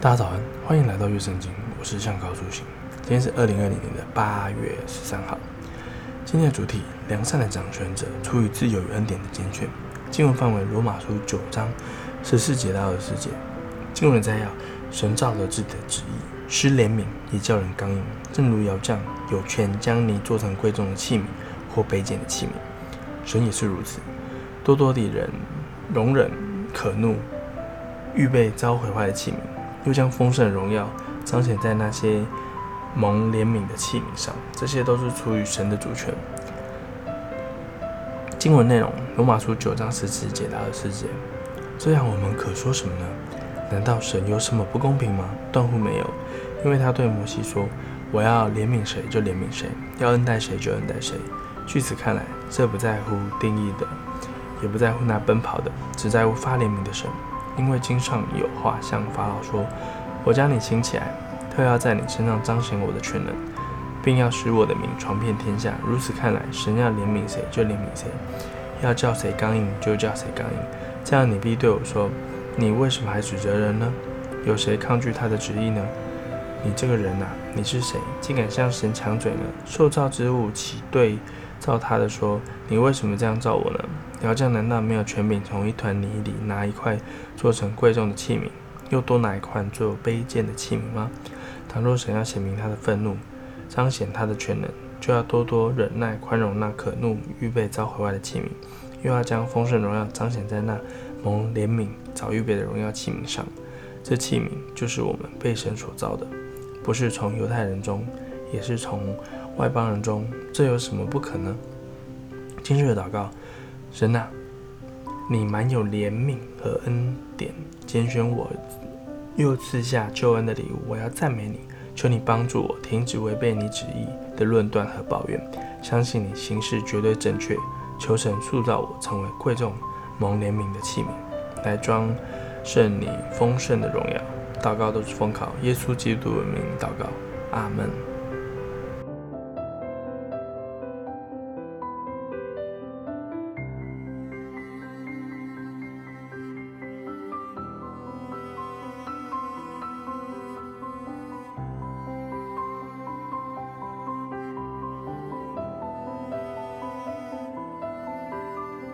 大家早安，歡迎來到樂聖經，我是向高書行。今天是二零二零年的八月十三號。今天的主題：良善的掌權者出於自由與恩典的揀選。經文範圍：羅馬書九章十四節到二十節。經文摘要：神照著自己的旨意，施憐憫也叫人剛硬，正如窰匠有權將泥做成貴重的器皿或卑賤的器皿，神也是如此，多多地人容忍、可怒，預備遭毀壞的器皿。又將豐盛榮耀彰顯在那些蒙憐憫的器皿上，這些都是出於神的主權。經文內容：羅馬書九章十四節至二十四節，這樣我們可說什麼呢？難道神有什麼不公平嗎？斷乎沒有，因為他對摩西說：“我要憐憫誰就憐憫誰，要恩待誰就恩待誰。”據此看來，這不在乎定意的，也不在乎那奔跑的，只在乎發憐憫的神。因為經上有話，向法老說：“我將你興起來，特要在你身上彰顯我的權能，並要使我的名傳遍天下。如此看來，神要憐憫誰就憐憫誰，要叫誰剛硬就叫誰剛硬。這樣你必對我說：你為什麼還指責人呢？有誰抗拒他的旨意呢？你這個人吶、啊，你是誰，竟敢向神強嘴呢？受造之物豈對？”照他的說，你為什麼這樣造我呢？窯匠難道沒有權柄從一團泥裡拿一塊做成貴重的器皿，又多拿一塊做卑賤的器皿嗎？倘若神要顯明他的憤怒，彰顯他的權能，就要多多忍耐寬容那可怒預備遭毀壞的器皿，又要將豐盛榮耀彰顯在那蒙憐憫早預備的榮耀器皿上。這器皿就是我們被神所造的，不是從猶太人中。也是從外邦人中，這有什麼不可呢？進入禱告，神啊，你滿有憐憫和恩典，揀選我，又賜下救恩的禮物。我要讚美你，求你幫助我，停止違背你旨意的論斷和抱怨，相信你行事絕對正確。求神塑造我成為貴重蒙憐憫的器皿，來裝盛你豐盛的榮耀。禱告都是奉靠耶穌基督的名禱告，阿門。